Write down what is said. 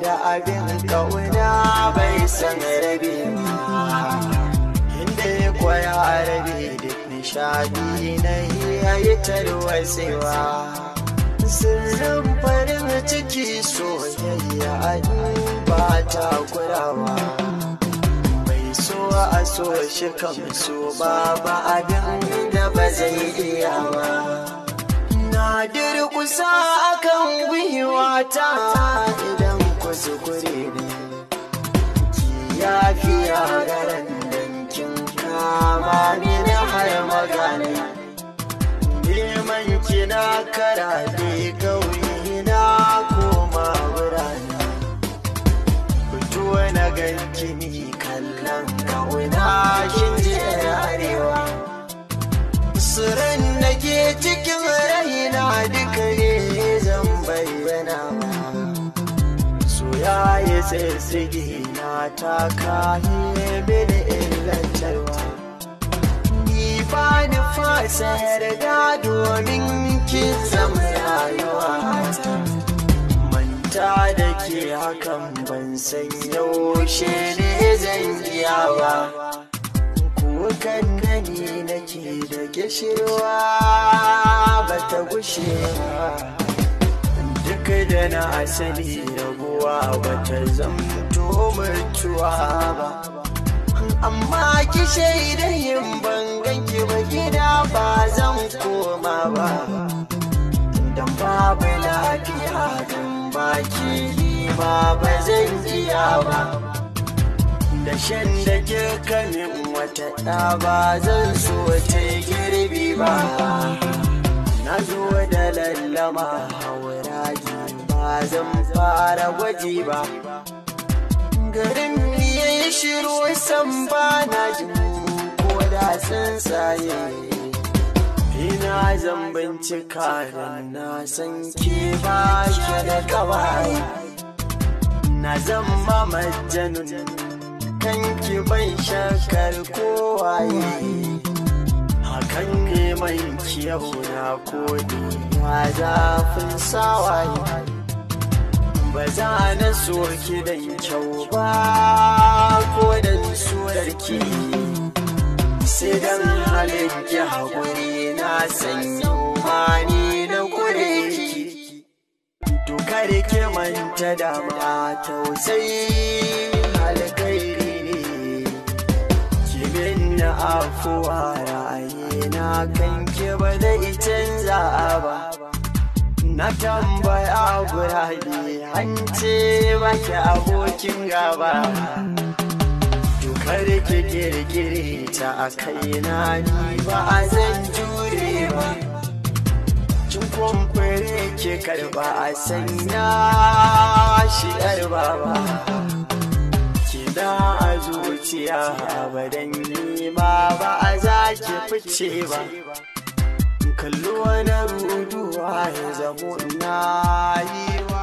da abin kauna bai san rabi inda ya koya rabi duk nishadi na yi tarwatsewa sirrin farin ciki soyayya ba ta kurawa bai so a so shi kan ba ba abin da ba zai iya ba na durkusa akan gwiwata kuskure ne ki yafiya dankin kama ni na har magana neman kina karabe kauye na koma birane fito na ganki ni kallon kauna shi ji arewa suran da ke cikin raina duka ne sirgi na ta kayi mini illantarwa ni ba ni fasa yarda domin kin zama rayuwa Manta da ke hakan ban san yaushe ne zan iya ba kukan nani nake da gishirwa ba ta gushe ba kai da na asali raguwa ba ta zamto mutuwa ba amma ki shaidayin ban ki ba gida ba zan koma ba dan babu lafiya dan baki ba ba zan iya ba da shan da ke kanin wata ɗa ba zan so ta girbi ba na zo da lallama haura ba zan fara gwaji ba garin ya yi shiru san ba na jin ko da saye. ina zan bincika da na san ke ba ke da kawai na zan kan kanki bai shakar kowaye hakan ne mai kyau na kodi ma zafin sawaye ba za na soke da kyau ba ko da surar ki sai dan halin ki haƙuri na sanyo mani na kure ki to kare ke manta da ma tausayi halakairi ne na afuwa ra'ayi na kan ba zai canza na tambaya gurabe an ce maki abokin gaba Tukar ki girgire ta a kaina ni ba a zan jure ba Cikon kwamfure ke karba a sanya shi ba baba kida a zuciya dan ni ma ba a za fice ba kallo na ruduwa ya zamo na yi